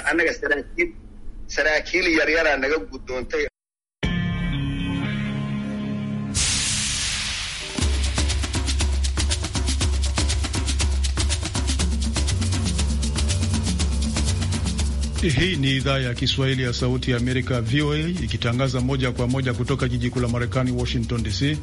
Anaga saraakiil saraakiil naga Hii ni idhaa ya Kiswahili ya Sauti ya Amerika, VOA, ikitangaza moja kwa moja kutoka jiji kuu la Marekani, Washington DC.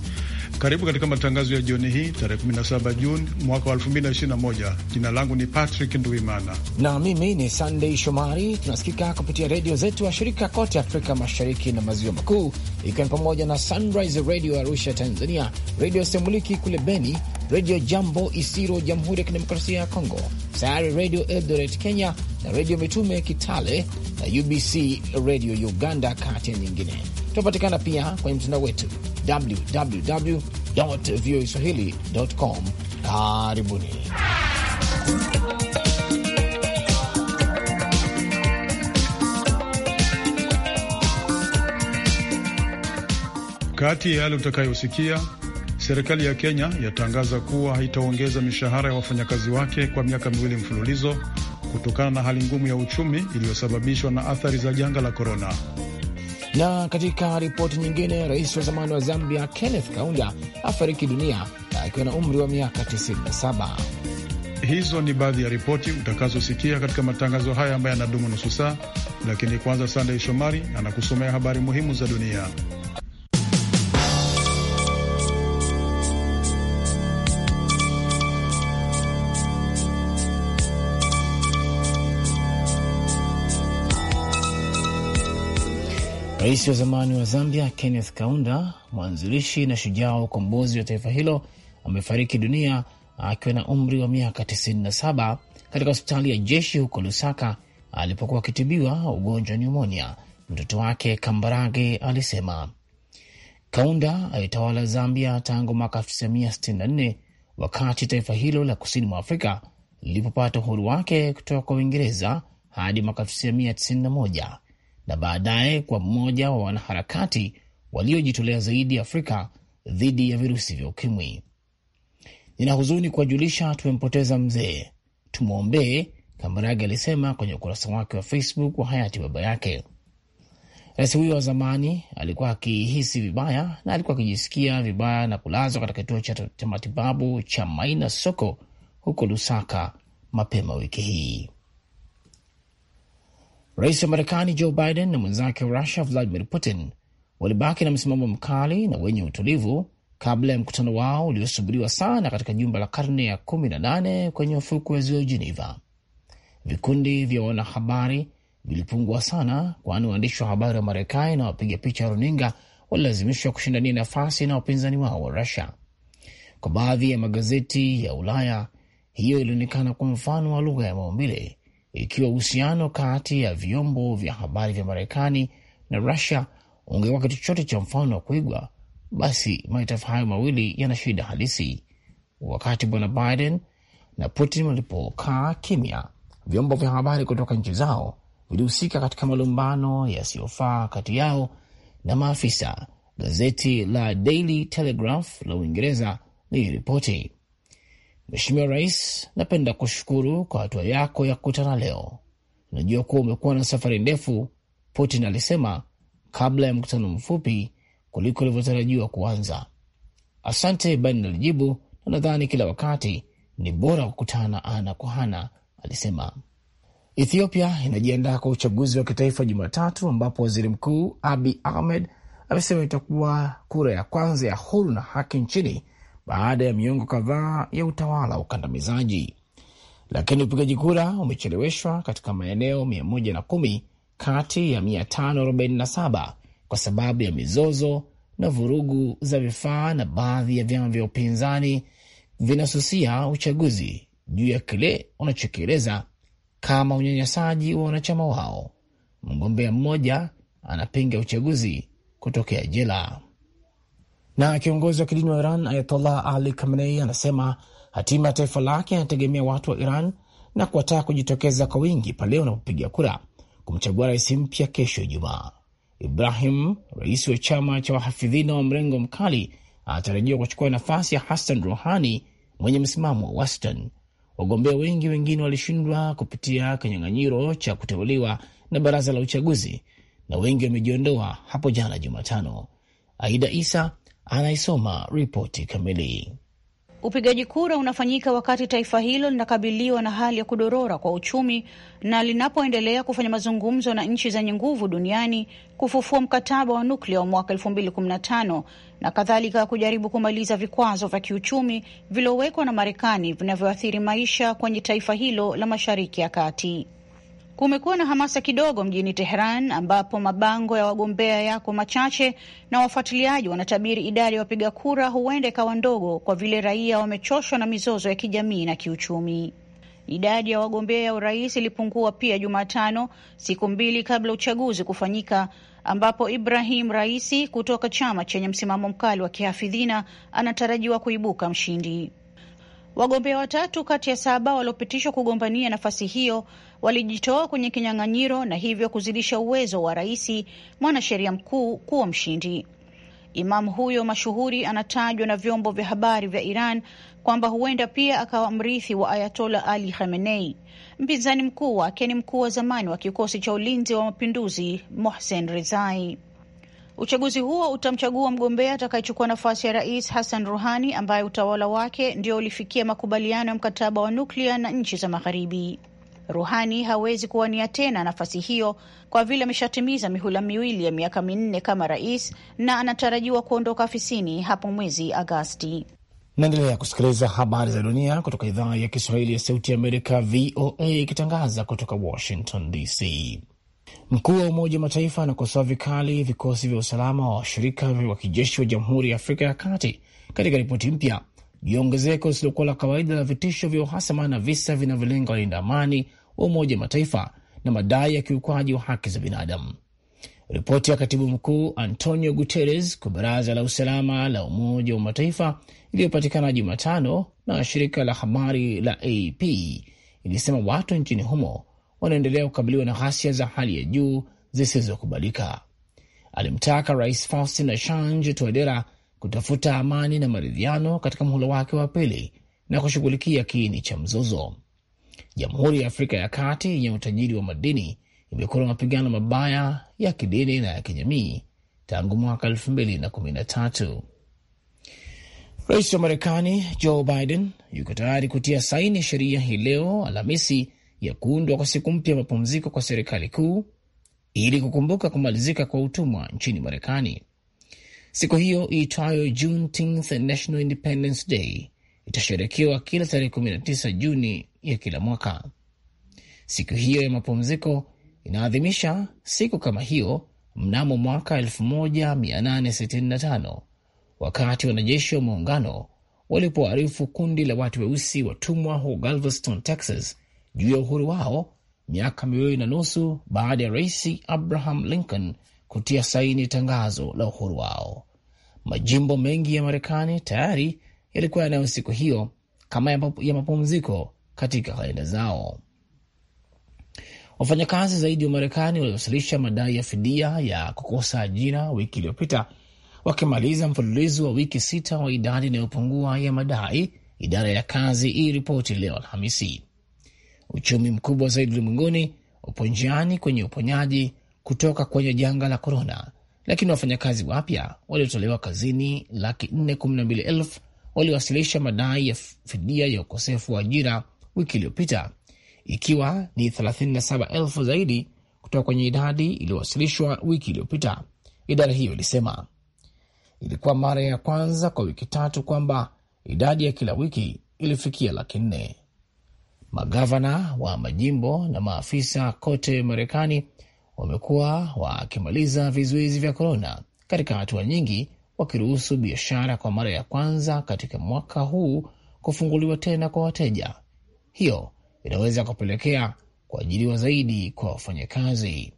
Karibu katika matangazo ya jioni hii tarehe 17 Juni mwaka wa 2021. Jina langu ni Patrick Nduimana na mimi ni Sandey Shomari. Tunasikika kupitia redio zetu wa shirika kote Afrika Mashariki na Maziwa Makuu, ikiwa ni pamoja na Sunrise Radio Arusha Tanzania, Redio Semuliki kule Beni, Redio Jambo Isiro Jamhuri ya Kidemokrasia ya Kongo, Sayari Redio Eldoret Kenya na Redio Mitume Kitale na UBC Redio Uganda, kati ya nyingine tunapatikana pia kwenye mtandao wetu www voa swahili com. Karibuni. Kati ya yale utakayosikia, serikali ya Kenya yatangaza kuwa haitaongeza mishahara ya wafanyakazi wake kwa miaka miwili mfululizo kutokana na hali ngumu ya uchumi iliyosababishwa na athari za janga la korona. Na katika ripoti nyingine, rais wa zamani wa Zambia Kenneth Kaunda afariki dunia akiwa na umri wa miaka 97. Hizo ni baadhi ya ripoti utakazosikia katika matangazo haya ambayo yanadumu nusu saa, lakini kwanza, Sandey Shomari anakusomea habari muhimu za dunia. Rais wa zamani wa Zambia Kenneth Kaunda, mwanzilishi na shujaa wa ukombozi wa taifa hilo, amefariki dunia akiwa na umri wa miaka 97 katika hospitali ya jeshi huko Lusaka alipokuwa akitibiwa ugonjwa wa nyumonia. Mtoto wake Kambarage alisema. Kaunda alitawala Zambia tangu mwaka 1964 wakati taifa hilo la kusini mwa Afrika lilipopata uhuru wake kutoka kwa Uingereza hadi mwaka 1991 na baadaye kwa mmoja wa wanaharakati waliojitolea zaidi Afrika dhidi ya virusi vya ukimwi. Nina huzuni kuwajulisha tumempoteza mzee, tumwombee, Kambarage alisema kwenye ukurasa wake wa Facebook wa hayati baba yake. Rais huyo wa zamani alikuwa akihisi vibaya na alikuwa akijisikia vibaya na kulazwa katika kituo cha matibabu cha Maina Soko huko Lusaka mapema wiki hii. Rais wa Marekani Joe Biden na mwenzake wa Rusia Vladimir Putin walibaki na msimamo mkali na wenye utulivu kabla ya mkutano wao uliosubiriwa sana katika jumba la karne ya 18 kwenye ufuku wa ziwa Geneva. Vikundi vya wanahabari vilipungua sana, kwani waandishi wa habari wa Marekani na wapiga picha wa runinga walilazimishwa kushindania nafasi na wapinzani wao wa Rusia. Kwa baadhi ya magazeti ya Ulaya, hiyo ilionekana kwa mfano wa lugha ya maumbile ikiwa uhusiano kati ya vyombo vya habari vya Marekani na Rusia ungekuwa kitu chochote cha mfano wa kuigwa, basi mataifa hayo mawili yana shida halisi. Wakati bwana Biden na Putin walipokaa kimya, vyombo vya habari kutoka nchi zao vilihusika katika malumbano yasiyofaa kati yao na maafisa, gazeti la Daily Telegraph la Uingereza liliripoti. Mheshimiwa Rais, napenda kushukuru kwa hatua yako ya kukutana leo. Najua kuwa umekuwa na safari ndefu, Putin alisema kabla ya mkutano mfupi kuliko ulivyotarajiwa kuanza. Asante, Biden alijibu, na nadhani kila wakati ni bora kukutana ana kwa ana, alisema. Ethiopia inajiandaa kwa uchaguzi wa kitaifa Jumatatu, ambapo waziri mkuu Abi Ahmed amesema itakuwa kura ya kwanza ya huru na haki nchini baada ya miongo kadhaa ya utawala wa ukandamizaji, lakini upigaji kura umecheleweshwa katika maeneo 110 kati ya 547 kwa sababu ya mizozo na vurugu za vifaa, na baadhi ya vyama vya upinzani vinasusia uchaguzi juu ya kile wanachokieleza kama unyanyasaji wa wanachama wao. Mgombea mmoja anapinga uchaguzi kutokea jela. Na kiongozi wa kidini wa Iran Ayatollah Ali Khamenei anasema hatima ya taifa lake anategemea watu wa Iran na kuwataka kujitokeza kwa wingi pale wanapopiga kura kumchagua rais mpya kesho Ijumaa. Ibrahim, rais wa chama cha wahafidhina wa mrengo mkali, anatarajiwa kuchukua nafasi ya Hassan Rouhani mwenye msimamo wa wastani. Wagombea wengi wengine walishindwa kupitia kinyang'anyiro cha kuteuliwa na baraza la uchaguzi na wengi wamejiondoa hapo jana Jumatano. Aida Isa anaisoma ripoti kamili. Upigaji kura unafanyika wakati taifa hilo linakabiliwa na hali ya kudorora kwa uchumi na linapoendelea kufanya mazungumzo na nchi zenye nguvu duniani kufufua mkataba wa nuklia wa mwaka 2015 na kadhalika, kujaribu kumaliza vikwazo vya kiuchumi vilivyowekwa na Marekani vinavyoathiri maisha kwenye taifa hilo la Mashariki ya Kati. Kumekuwa na hamasa kidogo mjini Teheran, ambapo mabango ya wagombea yako machache na wafuatiliaji wanatabiri idadi ya wapiga kura huenda ikawa ndogo, kwa vile raia wamechoshwa na mizozo ya kijamii na kiuchumi. Idadi ya wagombea ya urais ilipungua pia Jumatano, siku mbili kabla uchaguzi kufanyika, ambapo Ibrahim Raisi kutoka chama chenye msimamo mkali wa kihafidhina anatarajiwa kuibuka mshindi. Wagombea watatu kati ya saba waliopitishwa kugombania nafasi hiyo walijitoa kwenye kinyang'anyiro na hivyo kuzidisha uwezo wa rais mwanasheria mkuu kuwa mshindi. Imamu huyo mashuhuri anatajwa na vyombo vya habari vya Iran kwamba huenda pia akawa mrithi wa Ayatola Ali Khamenei. Mpinzani mkuu wake ni mkuu wa zamani wa kikosi cha ulinzi wa mapinduzi Mohsen Rezai. Uchaguzi huo utamchagua mgombea atakayechukua nafasi ya rais Hassan ruhani ambaye utawala wake ndio ulifikia makubaliano ya mkataba wa nuklia na nchi za Magharibi. Ruhani hawezi kuwania tena nafasi hiyo kwa vile ameshatimiza mihula miwili ya miaka minne kama rais na anatarajiwa kuondoka afisini hapo mwezi Agasti. Naendelea kusikiliza habari za dunia kutoka idhaa ya Kiswahili ya Sauti ya Amerika, VOA, ikitangaza kutoka Washington DC. Mkuu wa Umoja wa Mataifa anakosoa vikali vikosi vya usalama wa washirika wa kijeshi wa Jamhuri ya Afrika ya Kati katika ripoti mpya juu ya ongezeko lisilokuwa la kawaida la vitisho vya uhasama na visa vinavyolenga walinda amani wa Umoja wa Mataifa na madai ya kiukwaji wa haki za binadamu. Ripoti ya katibu mkuu Antonio Guterres kwa Baraza la Usalama la Umoja wa Mataifa iliyopatikana Jumatano na shirika la habari la AP ilisema watu nchini humo wanaendelea kukabiliwa na ghasia za hali ya juu zisizokubalika. Alimtaka Rais Faustin Archange Touadera kutafuta amani na maridhiano katika muhula wake wa pili na kushughulikia kiini cha mzozo. Jamhuri ya Afrika ya Kati yenye utajiri wa madini imekuwa na mapigano mabaya ya kidini na ya kijamii tangu mwaka elfu mbili na kumi na tatu. Rais wa Marekani Joe Biden yuko tayari kutia saini sheria hii leo Alhamisi ya kuundwa kwa siku mpya mapumziko kwa serikali kuu ili kukumbuka kumalizika kwa utumwa nchini Marekani. Siku hiyo iitwayo Juneteenth National Independence Day itasherekewa kila tarehe 19 Juni ya kila mwaka. Siku hiyo ya mapumziko inaadhimisha siku kama hiyo mnamo mwaka 1865 wakati wanajeshi wa muungano walipoarifu kundi la watu weusi watumwa huko Galveston, Texas, juu ya uhuru wao miaka miwili na nusu baada ya Rais Abraham Lincoln kutia saini tangazo la uhuru wao. Majimbo mengi ya Marekani tayari yalikuwa yanayo siku hiyo kama ya mapumziko katika kalenda zao. Wafanyakazi zaidi wa Marekani waliwasilisha madai ya fidia ya kukosa ajira wiki iliyopita, wakimaliza mfululizo wa wiki sita wa idadi inayopungua ya madai, idara ya kazi ripoti leo Alhamisi. Uchumi mkubwa zaidi ulimwenguni upo njiani kwenye uponyaji kutoka kwenye janga la korona, lakini wafanyakazi wapya waliotolewa kazini laki nne kumi na mbili elfu waliwasilisha madai ya fidia ya ukosefu wa ajira wiki iliyopita, ikiwa ni 37,000 zaidi kutoka kwenye idadi iliyowasilishwa wiki iliyopita, idara hiyo ilisema. Ilikuwa mara ya kwanza kwa wiki tatu kwamba idadi ya kila wiki ilifikia laki nne. Magavana wa majimbo na maafisa kote Marekani wamekuwa wakimaliza vizuizi vya korona katika hatua nyingi wakiruhusu biashara kwa mara ya kwanza katika mwaka huu kufunguliwa tena kwa wateja. Hiyo inaweza kupelekea kuajiriwa zaidi kwa wafanyakazi.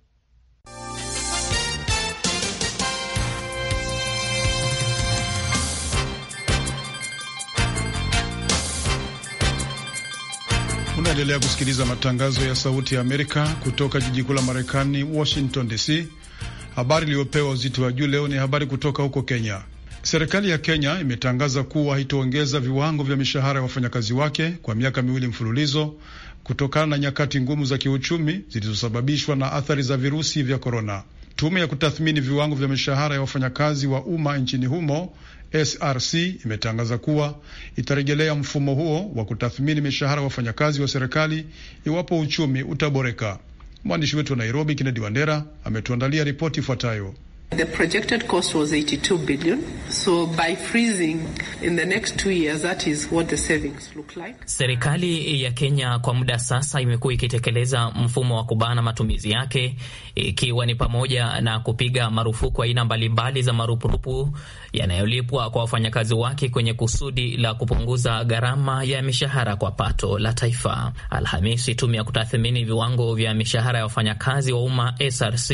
Unaendelea kusikiliza matangazo ya Sauti ya Amerika kutoka jiji kuu la Marekani, Washington DC. Habari iliyopewa uzito wa juu leo ni habari kutoka huko Kenya. Serikali ya Kenya imetangaza kuwa haitoongeza viwango vya mishahara ya wafanyakazi wake kwa miaka miwili mfululizo kutokana na nyakati ngumu za kiuchumi zilizosababishwa na athari za virusi vya korona. Tume ya kutathmini viwango vya mishahara ya wafanyakazi wa umma nchini humo SRC imetangaza kuwa itarejelea mfumo huo wa kutathmini mishahara ya wafanyakazi wa serikali iwapo uchumi utaboreka. Mwandishi wetu wa Nairobi, Kennedy Wandera, ametuandalia ripoti ifuatayo. The projected cost was 82 billion. So by freezing in the next two years, that is what the savings look like. Serikali ya Kenya kwa muda sasa imekuwa ikitekeleza mfumo wa kubana matumizi yake ikiwa ni pamoja na kupiga marufuku aina mbalimbali za marupurupu yanayolipwa kwa wafanyakazi wake kwenye kusudi la kupunguza gharama ya mishahara kwa pato la taifa. Alhamisi, tume ya kutathmini viwango vya mishahara ya wafanyakazi wa umma SRC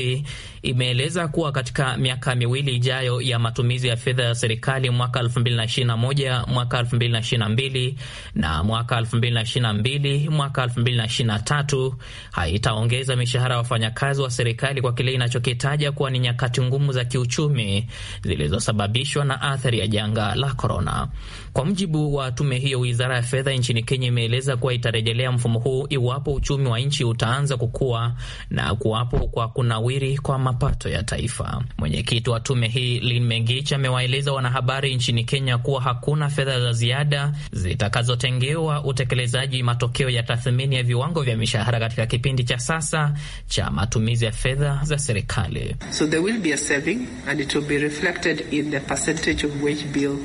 imeeleza kuwa katika miaka miwili ijayo ya matumizi ya fedha ya serikali mwaka 2021, mwaka 2022 na mwaka 2022, mwaka 2023 haitaongeza mishahara ya wafanyakazi wa serikali kwa kile inachokitaja kuwa ni nyakati ngumu za kiuchumi zilizosababishwa na athari ya janga la korona. Kwa mujibu wa tume hiyo, wizara ya fedha nchini Kenya imeeleza kuwa itarejelea mfumo huu iwapo uchumi wa nchi utaanza kukua na kuwapo kwa kunawiri kwa mapato ya taifa. Mwenyekiti wa tume hii Lin Mengich amewaeleza wanahabari nchini Kenya kuwa hakuna fedha za ziada zitakazotengewa utekelezaji matokeo ya tathmini ya viwango vya mishahara katika kipindi cha sasa cha matumizi ya fedha za serikali. So there will be a saving and it will be reflected in the percentage of wage bill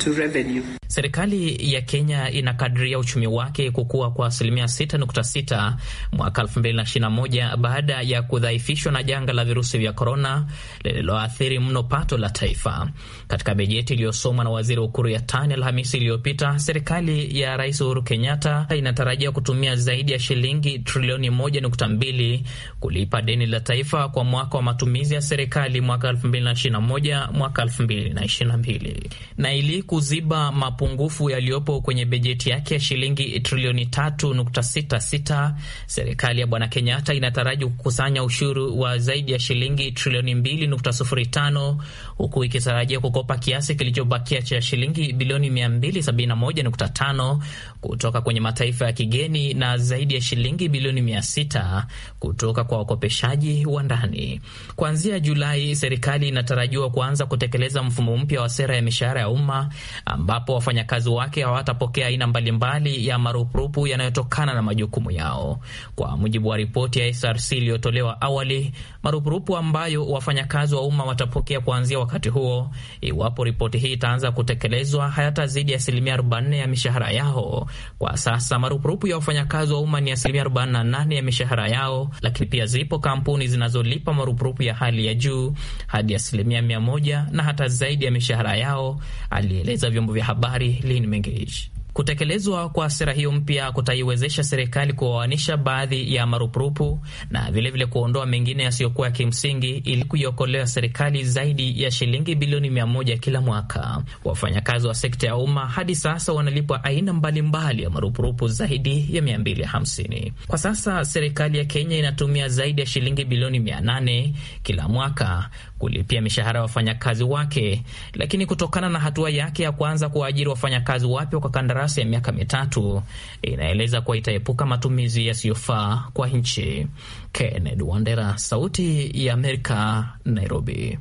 to revenue. Serikali ya Kenya inakadiria uchumi wake kukua kwa asilimia 6.6 mwaka 2021 baada ya kudhaifishwa na janga la virusi vya korona lililoathiri mno pato la taifa. Katika bajeti iliyosomwa na waziri Ukuru Yatani Alhamisi iliyopita, serikali ya Rais Uhuru Kenyatta inatarajia kutumia zaidi ya shilingi trilioni 1.2 kulipa deni la taifa kwa mwaka wa matumizi ya serikali mwaka 2021 mwaka 2022 na ili kuziba mapungufu yaliyopo kwenye bajeti yake ya shilingi trilioni 3.66, serikali ya bwana Kenyatta inataraji kukusanya ushuru wa zaidi ya shilingi trilioni 2.05 huku ikitarajia kukopa kiasi kilichobakia cha shilingi bilioni 271.5 kutoka kwenye mataifa ya kigeni na zaidi ya shilingi bilioni 600 kutoka kwa wakopeshaji wa ndani. Kuanzia Julai, serikali inatarajiwa kuanza kutekeleza mfumo mpya wa sera ya mishahara ya umma ambapo wafanyakazi wake hawatapokea aina mbalimbali ya marupurupu yanayotokana na majukumu yao. Kwa mujibu wa ripoti ya SRC iliyotolewa awali, marupurupu ambayo wafanyakazi wa umma watapokea kuanzia wakati huo, iwapo ripoti hii itaanza kutekelezwa, hayatazidi asilimia 40 ya mishahara yao. Kwa sasa marupurupu ya wafanyakazi wa umma ni asilimia 48 ya mishahara yao, lakini pia zipo kampuni zinazolipa marupurupu ya hali ya juu hadi asilimia 100 na hata zaidi ya mishahara yao, alieleza vyombo vya habari Buhari Lin Mengage. Kutekelezwa kwa sera hiyo mpya kutaiwezesha serikali kuoanisha baadhi ya marupurupu na vilevile vile kuondoa mengine yasiyokuwa ya kimsingi ili kuiokolea serikali zaidi ya shilingi bilioni mia moja kila mwaka. Wafanyakazi wa sekta ya umma hadi sasa wanalipwa aina mbalimbali mbali ya marupurupu zaidi ya 250. Kwa sasa serikali ya Kenya inatumia zaidi ya shilingi bilioni 800 kila mwaka kulipia mishahara ya wafanyakazi wake, lakini kutokana na hatua yake ya kuanza kuwaajiri wafanyakazi wapya kwa kandara kandarasi ya miaka mitatu inaeleza kuwa itaepuka matumizi yasiyofaa kwa nchi. Kennedy Wandera, Sauti ya Amerika, Nairobi.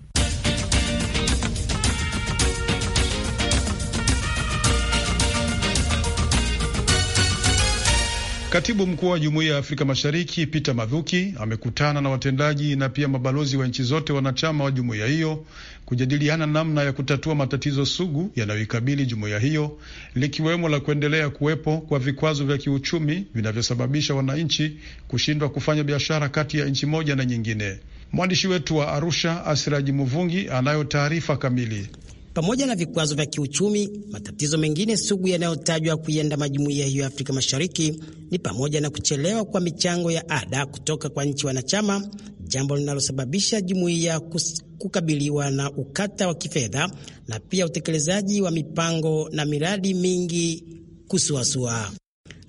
Katibu mkuu wa Jumuiya ya Afrika Mashariki Peter madhuki amekutana na watendaji na pia mabalozi wa nchi zote wanachama wa jumuiya hiyo kujadiliana namna ya kutatua matatizo sugu yanayoikabili jumuiya hiyo likiwemo la kuendelea kuwepo kwa vikwazo vya kiuchumi vinavyosababisha wananchi kushindwa kufanya biashara kati ya nchi moja na nyingine. Mwandishi wetu wa Arusha, Asiraji Muvungi, anayo taarifa kamili. Pamoja na vikwazo vya kiuchumi, matatizo mengine sugu yanayotajwa kuienda majumuiya hiyo ya Afrika Mashariki ni pamoja na kuchelewa kwa michango ya ada kutoka kwa nchi wanachama jambo linalosababisha jumuiya kukabiliwa na ukata wa kifedha na pia utekelezaji wa mipango na miradi mingi kusuasua.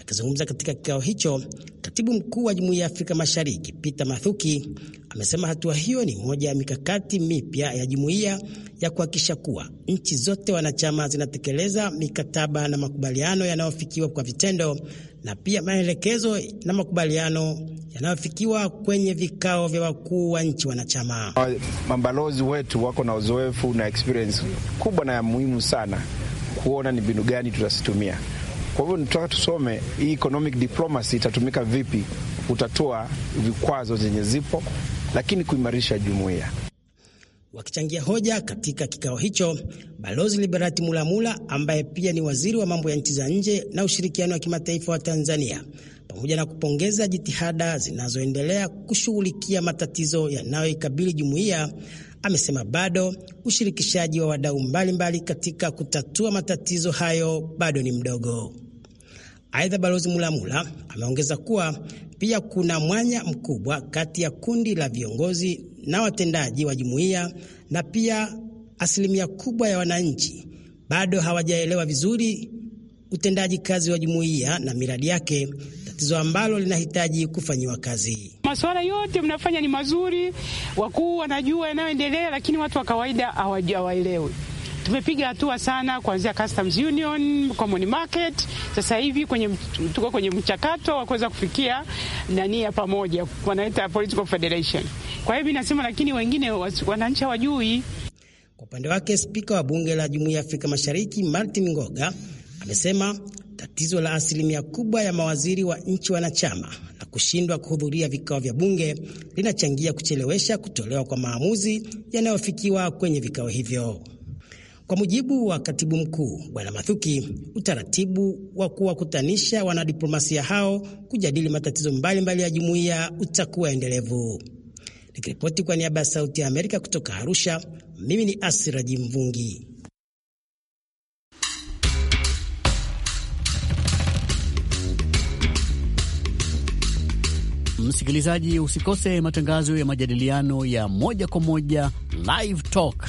Akizungumza katika kikao hicho, katibu mkuu wa jumuiya ya Afrika Mashariki Peter Mathuki amesema hatua hiyo ni moja ya mikakati mipya ya jumuiya ya kuhakikisha kuwa nchi zote wanachama zinatekeleza mikataba na makubaliano yanayofikiwa kwa vitendo na pia maelekezo na makubaliano yanayofikiwa kwenye vikao vya wakuu wa nchi wanachama. Mabalozi wetu wako na uzoefu na experience kubwa na ya muhimu sana kuona ni mbinu gani tutazitumia. Kwa hivyo nitaka tusome hii economic diplomacy itatumika vipi kutatua vikwazo zenye zipo, lakini kuimarisha jumuiya. Wakichangia hoja katika kikao hicho, Balozi Liberati Mulamula ambaye pia ni waziri wa mambo ya nchi za nje na ushirikiano wa kimataifa wa Tanzania, pamoja na kupongeza jitihada zinazoendelea kushughulikia matatizo yanayoikabili jumuiya, amesema bado ushirikishaji wa wadau mbalimbali katika kutatua matatizo hayo bado ni mdogo. Aidha, Balozi Mulamula ameongeza kuwa pia kuna mwanya mkubwa kati ya kundi la viongozi na watendaji wa jumuiya na pia asilimia kubwa ya wananchi bado hawajaelewa vizuri utendaji kazi wa jumuiya na miradi yake, tatizo ambalo linahitaji kufanyiwa kazi. Masuala yote mnafanya ni mazuri, wakuu wanajua yanayoendelea, lakini watu wa kawaida hawaelewi tumepiga hatua sana kuanzia Customs Union, Common Market. Sasa hivi kwenye, tuko kwenye mchakato wa kuweza kufikia nani ya pamoja wanaita political federation. Kwa hiyo nasema, lakini wengine wananchi hawajui. Kwa upande wake, spika wa bunge la Jumuiya ya Afrika Mashariki Martin Ngoga amesema tatizo la asilimia kubwa ya mawaziri wa nchi wanachama na kushindwa kuhudhuria vikao vya bunge linachangia kuchelewesha kutolewa kwa maamuzi yanayofikiwa kwenye vikao hivyo. Kwa mujibu wa katibu mkuu Bwana Mathuki, utaratibu wa kuwakutanisha wanadiplomasia hao kujadili matatizo mbalimbali mbali ya jumuiya utakuwa endelevu. Nikiripoti kwa niaba ya Sauti ya Amerika kutoka Arusha, mimi ni Asiraji Mvungi. Msikilizaji, usikose matangazo ya majadiliano ya moja kwa moja Live Talk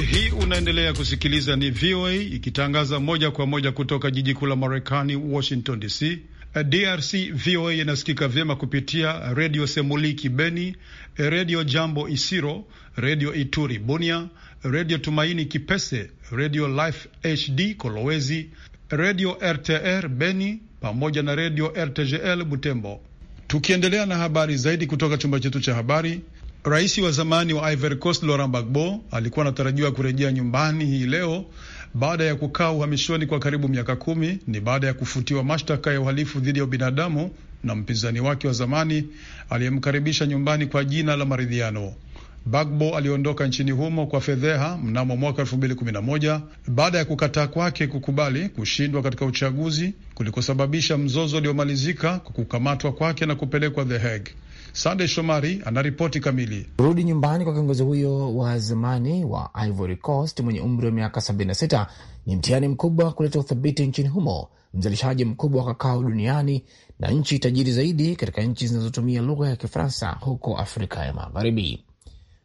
Hii unaendelea kusikiliza ni VOA ikitangaza moja kwa moja kutoka jiji kuu la Marekani, Washington DC. DRC VOA inasikika vyema kupitia redio Semuliki Beni, redio Jambo Isiro, redio Ituri Bunia, redio Tumaini Kipese, redio Life HD Kolowezi, redio RTR Beni pamoja na redio RTGL Butembo. Tukiendelea na habari zaidi kutoka chumba chetu cha habari, Rais wa zamani wa Ivory Coast Laurent Gbagbo alikuwa anatarajiwa kurejea nyumbani hii leo baada ya kukaa uhamishoni kwa karibu miaka kumi. Ni baada ya kufutiwa mashtaka ya uhalifu dhidi ya ubinadamu na mpinzani wake wa zamani aliyemkaribisha nyumbani kwa jina la maridhiano. Bagbo aliondoka nchini humo kwa fedheha mnamo mwaka 2011 baada ya kukataa kwake kukubali kushindwa katika uchaguzi kulikosababisha mzozo uliomalizika kwa kukamatwa kwake na kupelekwa The Hague. Sande Shomari anaripoti kamili. Kurudi nyumbani kwa kiongozi huyo wa zamani wa Ivory Coast mwenye umri wa miaka 76 ni mtihani mkubwa kuleta uthabiti nchini humo, mzalishaji mkubwa wa kakao duniani na nchi tajiri zaidi katika nchi zinazotumia lugha ya Kifaransa huko Afrika ya Magharibi.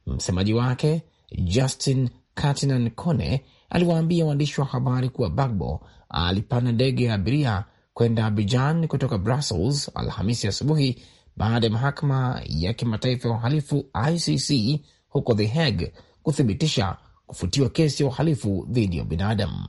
Msemaji wake Justin Catinan Kone aliwaambia waandishi wa habari kuwa Bagbo alipanda ndege ya abiria kwenda abijan kutoka Brussels Alhamisi asubuhi baada ya mahakama ya kimataifa ya uhalifu ICC huko The Hague kuthibitisha kufutiwa kesi ya uhalifu dhidi ya binadamu.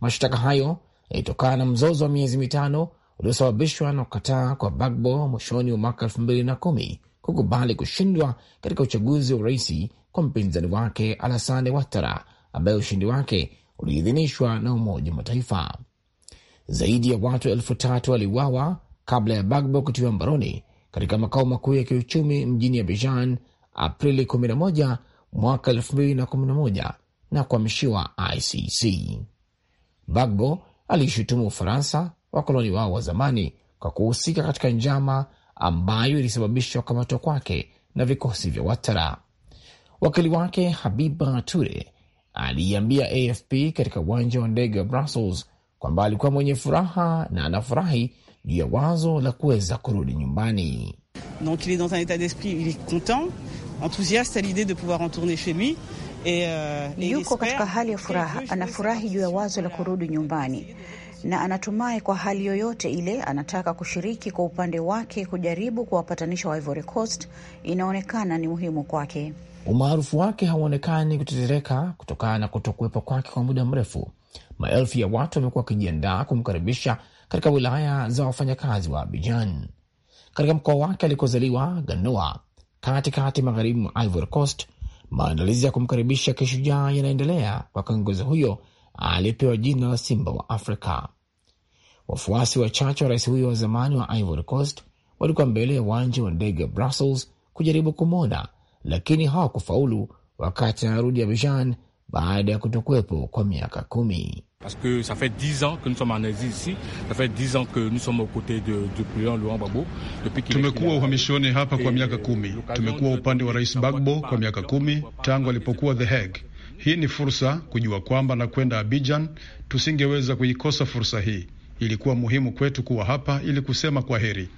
Mashtaka hayo yalitokana na mzozo wa miezi mitano uliosababishwa na kukataa kwa Bagbo mwishoni wa mwaka elfu mbili na kumi kukubali kushindwa katika uchaguzi wa urais kwa mpinzani wake Alassane Ouattara ambaye ushindi wake uliidhinishwa na Umoja wa Mataifa. Zaidi ya watu elfu tatu waliuawa kabla ya Bagbo kutiwa mbaroni katika makao makuu ya kiuchumi mjini Abidjan Aprili 11 mwaka 2011 na kuhamishiwa ICC. Bagbo aliishutumu Ufaransa, wakoloni wao wa zamani, kwa kuhusika katika njama ambayo ilisababisha kukamatwa kwake na vikosi vya Watara. Wakili wake Habiba Ture aliiambia AFP katika uwanja wa ndege wa Brussels kwamba alikuwa mwenye furaha na anafurahi juu ya wazo la kuweza kurudi nyumbani. Donc il est dans un d'esprit il est content enthousiaste à l'idée de pouvoir retourner chez lui et, uh, yuko katika hali ya furaha, anafurahi juu ya wazo la kurudi nyumbani na anatumai kwa hali yoyote ile anataka kushiriki kwa upande wake kujaribu kuwapatanisha wa Ivory Coast inaonekana ni muhimu kwake. Umaarufu wake hauonekani kutetereka kutokana na kutokuwepo kwake kwa muda mrefu. Maelfu ya watu wamekuwa wakijiandaa kumkaribisha katika wilaya za wafanyakazi wa abijan Katika mkoa wake alikozaliwa Ganoa, katikati magharibi mwa Ivory Coast, maandalizi ya kumkaribisha kishujaa yanaendelea kwa kiongozi huyo aliyepewa jina la Simba wa Afrika. Wafuasi wachache wa rais huyo wa zamani wa Ivory Coast walikuwa mbele ya uwanja wa ndege wa Brussels kujaribu kumwona, lakini hawakufaulu wakati anarudi Abidjan baada ya kutokuwepo kwa miaka kumi. Tumekuwa uhamishoni hapa kwa miaka kumi. Tumekuwa upande wa Rais Bagbo kwa miaka kumi tangu alipokuwa The Hague. Hii ni fursa kujua kwamba na kwenda Abidjan, tusingeweza kuikosa fursa hii. Ilikuwa muhimu kwetu kuwa hapa ili kusema kwa heri.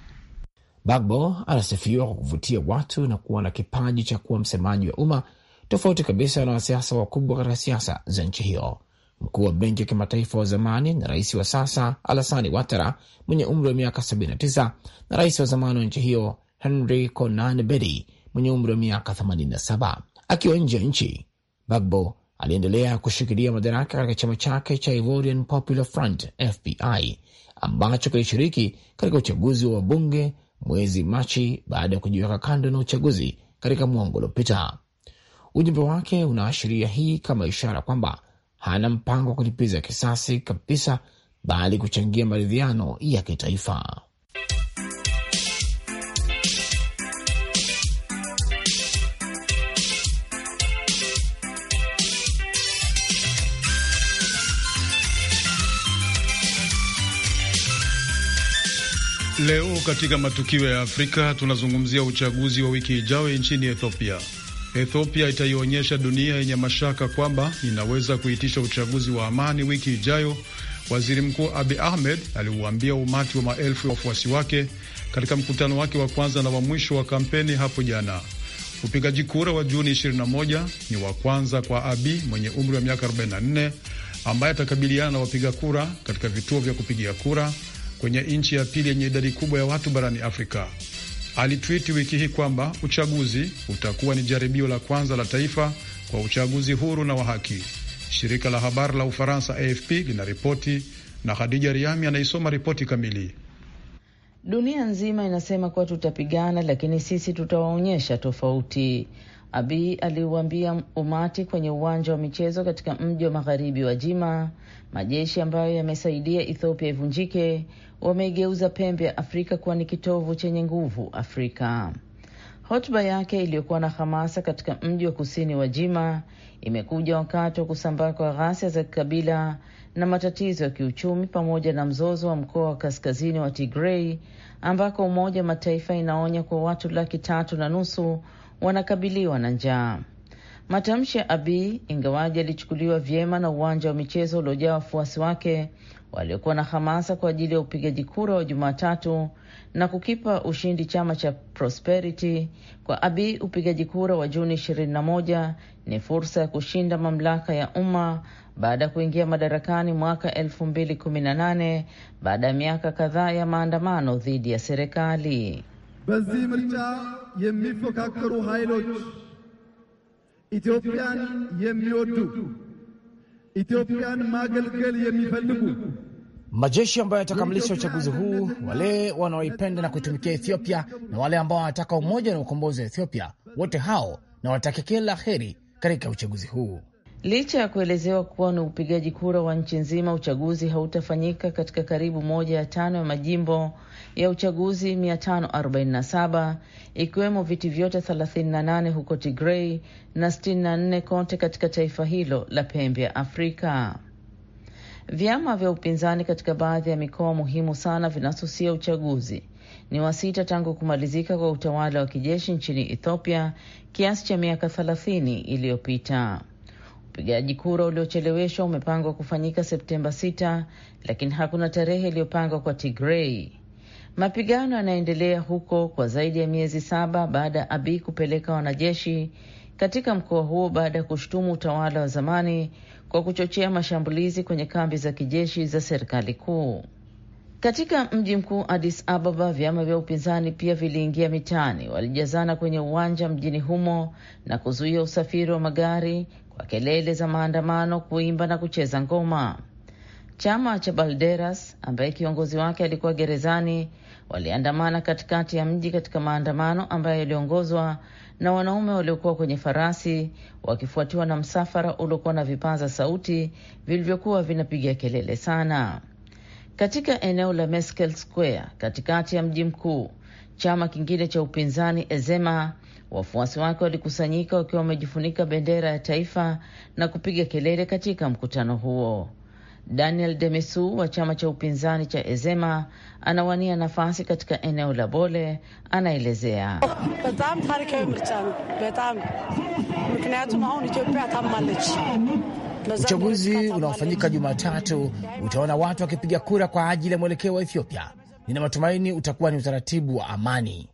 Bagbo anasifiwa kwa kuvutia watu na kuwa na kipaji cha kuwa msemaji wa umma tofauti kabisa na wanasiasa wakubwa katika siasa za nchi hiyo. Mkuu wa benki ya kimataifa wa zamani na rais wa sasa Alassani Watara mwenye umri wa miaka 79 na rais wa zamani wa nchi hiyo Henry Konan Bedi mwenye umri wa miaka 87 akiwa nje ya nchi. Bagbo aliendelea kushikilia madaraka katika chama chake cha Ivorian Popular Front FPI ambacho kilishiriki katika uchaguzi wa wabunge mwezi Machi baada ya kujiweka kando na uchaguzi katika mwongo uliopita. Ujumbe wake unaashiria hii kama ishara kwamba hana mpango wa kulipiza kisasi kabisa, bali kuchangia maridhiano ya kitaifa. Leo katika matukio ya Afrika tunazungumzia uchaguzi wa wiki ijayo nchini Ethiopia. Ethiopia itaionyesha dunia yenye mashaka kwamba inaweza kuitisha uchaguzi wa amani wiki ijayo, waziri mkuu Abi Ahmed aliuambia umati wa maelfu ya wafuasi wake katika mkutano wake wa kwanza na wa mwisho wa kampeni hapo jana. Upigaji kura wa Juni 21 ni wa kwanza kwa Abi mwenye umri wa miaka 44 ambaye atakabiliana na wapiga kura katika vituo vya kupigia kura kwenye nchi ya pili yenye idadi kubwa ya watu barani Afrika alitwiti wiki hii kwamba uchaguzi utakuwa ni jaribio la kwanza la taifa kwa uchaguzi huru na wa haki. Shirika la habari la Ufaransa AFP linaripoti na Khadija Riami anaisoma ripoti kamili. Dunia nzima inasema kuwa tutapigana, lakini sisi tutawaonyesha tofauti, Abiy aliuambia umati kwenye uwanja wa michezo katika mji wa magharibi wa Jima, majeshi ambayo yamesaidia Ethiopia ivunjike wameigeuza pembe ya Afrika kuwa ni kitovu chenye nguvu Afrika. Hotuba yake iliyokuwa na hamasa katika mji wa kusini wa Jima imekuja wakati wa kusambaa kwa ghasia za kikabila na matatizo ya kiuchumi pamoja na mzozo wa mkoa wa kaskazini wa Tigrei ambako Umoja wa Mataifa inaonya kuwa watu laki tatu na nusu wanakabiliwa na njaa. Matamshi ya Abiy ingawaji alichukuliwa vyema na uwanja wa michezo uliojaa wafuasi wake waliokuwa na hamasa kwa ajili ya upigaji kura wa Jumatatu na kukipa ushindi chama cha Prosperity. Kwa Abiy, upigaji kura wa Juni 21 ni fursa ya kushinda mamlaka ya umma baada ya kuingia madarakani mwaka 2018 baada ya miaka kadhaa ya maandamano dhidi ya serikali. ኢትዮጵያን የሚወዱ ኢትዮጵያን ማገልገል የሚፈልጉ majeshi ambayo yatakamilisha uchaguzi huu, wale wanaoipenda na kuitumikia Ethiopia na wale ambao wanataka umoja na ukombozi wa Ethiopia, wote hao na watake kila la heri katika uchaguzi huu. Licha ya kuelezewa kuwa ni upigaji kura wa nchi nzima, uchaguzi hautafanyika katika karibu moja ya tano ya majimbo ya uchaguzi 547 ikiwemo viti vyote 38 huko tigrei na 64 kote katika taifa hilo la pembe ya Afrika. Vyama vya upinzani katika baadhi ya mikoa muhimu sana vinasusia uchaguzi. Ni wa sita tangu kumalizika kwa utawala wa kijeshi nchini Ethiopia kiasi cha miaka 30 iliyopita. Upigaji kura uliocheleweshwa umepangwa kufanyika Septemba 6 lakini hakuna tarehe iliyopangwa kwa Tigrei. Mapigano yanaendelea huko kwa zaidi ya miezi saba baada ya abi kupeleka wanajeshi katika mkoa huo baada ya kushutumu utawala wa zamani kwa kuchochea mashambulizi kwenye kambi za kijeshi za serikali kuu. Katika mji mkuu Addis Ababa, vyama vya upinzani pia viliingia mitaani, walijazana kwenye uwanja mjini humo na kuzuia usafiri wa magari kwa kelele za maandamano, kuimba na kucheza ngoma. Chama cha Balderas ambaye kiongozi wake alikuwa gerezani waliandamana katikati ya mji katika maandamano ambayo yaliongozwa na wanaume waliokuwa kwenye farasi wakifuatiwa na msafara uliokuwa na vipaza sauti vilivyokuwa vinapiga kelele sana. Katika eneo la Meskel Square katikati ya mji mkuu, chama kingine cha upinzani Ezema Wafuasi wake walikusanyika wakiwa wamejifunika bendera ya taifa na kupiga kelele katika mkutano huo. Daniel Demesu wa chama cha upinzani cha Ezema anawania nafasi katika eneo la Bole anaelezea. Uchaguzi unaofanyika Jumatatu utaona watu wakipiga kura kwa ajili ya mwelekeo wa Ethiopia. Nina matumaini utakuwa ni utaratibu wa amani.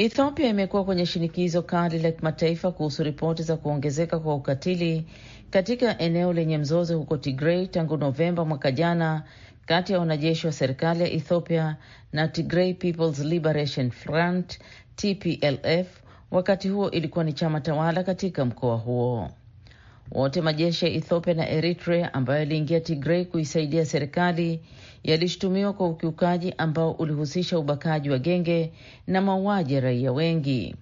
Ethiopia imekuwa kwenye shinikizo kali la kimataifa kuhusu ripoti za kuongezeka kwa ukatili katika eneo lenye mzozo huko Tigrei tangu Novemba mwaka jana kati ya wanajeshi wa serikali ya Ethiopia na Tigray People's Liberation Front TPLF. Wakati huo ilikuwa ni chama tawala katika mkoa huo. Wote majeshi ya Ethiopia na Eritrea ambayo yaliingia Tigrei kuisaidia serikali yalishutumiwa kwa ukiukaji ambao ulihusisha ubakaji wa genge na mauaji ya raia wengi.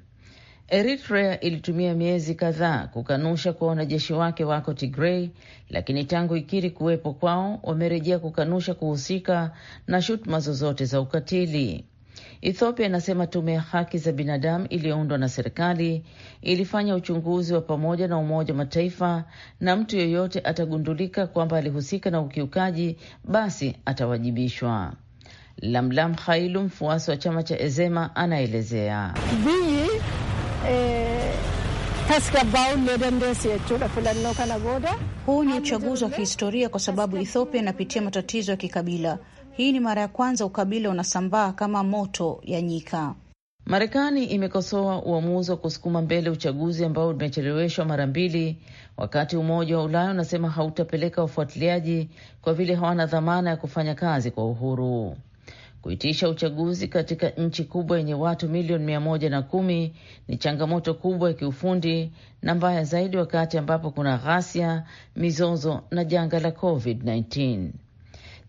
Eritrea ilitumia miezi kadhaa kukanusha kuwa wanajeshi wake wako Tigrei, lakini tangu ikiri kuwepo kwao wamerejea kukanusha kuhusika na shutuma zozote za ukatili. Ethiopia inasema tume ya haki za binadamu iliyoundwa na serikali ilifanya uchunguzi wa pamoja na Umoja wa Mataifa, na mtu yeyote atagundulika kwamba alihusika na ukiukaji, basi atawajibishwa. Lamlam Khailu, mfuasi wa chama cha Ezema, anaelezea Bii, eh... Huu ni uchaguzi wa kihistoria kwa sababu Ethiopia inapitia matatizo ya kikabila. Hii ni mara ya kwanza ukabila unasambaa kama moto ya nyika. Marekani imekosoa uamuzi wa kusukuma mbele uchaguzi ambao umecheleweshwa mara mbili, wakati Umoja wa Ulaya unasema hautapeleka wafuatiliaji kwa vile hawana dhamana ya kufanya kazi kwa uhuru. Kuitisha uchaguzi katika nchi kubwa yenye watu milioni mia moja na kumi ni changamoto kubwa ya kiufundi na mbaya zaidi, wakati ambapo kuna ghasia, mizozo na janga la COVID-19.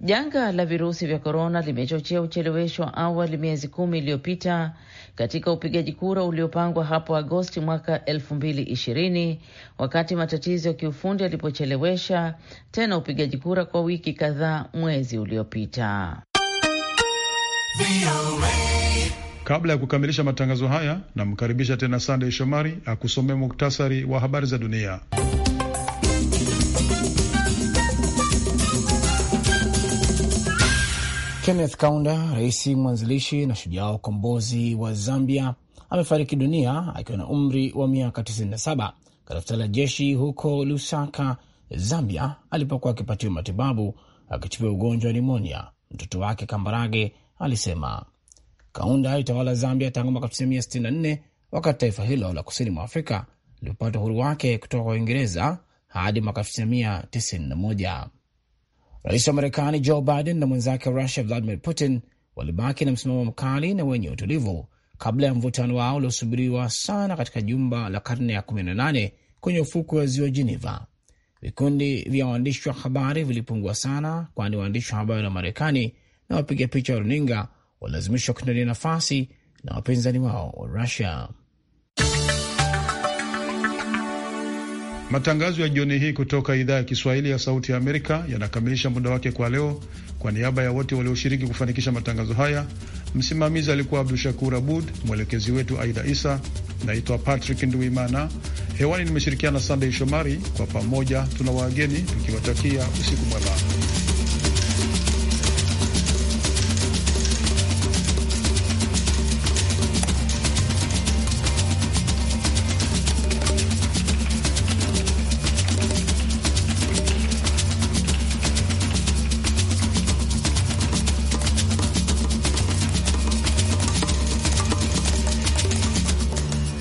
Janga la virusi vya korona limechochea uchelewesho wa awali miezi kumi iliyopita katika upigaji kura uliopangwa hapo Agosti mwaka elfu mbili ishirini wakati matatizo ya kiufundi yalipochelewesha tena upigaji kura kwa wiki kadhaa mwezi uliopita. Kabla ya kukamilisha matangazo haya, namkaribisha tena Sandey Shomari akusomea muktasari wa habari za dunia. Kenneth Kaunda, rais mwanzilishi na shujaa wa ukombozi wa Zambia, amefariki dunia akiwa na umri wa miaka 97 katika la jeshi huko Lusaka, Zambia, alipokuwa akipatiwa matibabu akichipia ugonjwa wa nimonia. Mtoto wake Kambarage alisema. Kaunda alitawala Zambia tangu mwaka 1964 wakati taifa hilo la kusini mwa Afrika lilipata uhuru wake kutoka kwa Uingereza hadi mwaka 1991. Rais wa Marekani Joe Biden na mwenzake wa Rusia Vladimir Putin walibaki na msimamo mkali na wenye utulivu kabla ya mvutano wao uliosubiriwa sana katika jumba la karne ya 18 kwenye ufukwe wa ziwa Geneva. Vikundi vya waandishi wa habari vilipungua sana, kwani waandishi wa habari wa Marekani na wapiga picha wa runinga walilazimishwa kutandia nafasi na wapinzani wao wa Rusia. Matangazo ya jioni hii kutoka idhaa ya Kiswahili ya Sauti ya Amerika yanakamilisha muda wake kwa leo. Kwa niaba ya wote walioshiriki kufanikisha matangazo haya, msimamizi alikuwa Abdu Shakur Abud, mwelekezi wetu Aida Isa. Naitwa Patrick Nduimana, hewani nimeshirikiana na Sandey Shomari. Kwa pamoja tuna wageni tukiwatakia usiku mwema.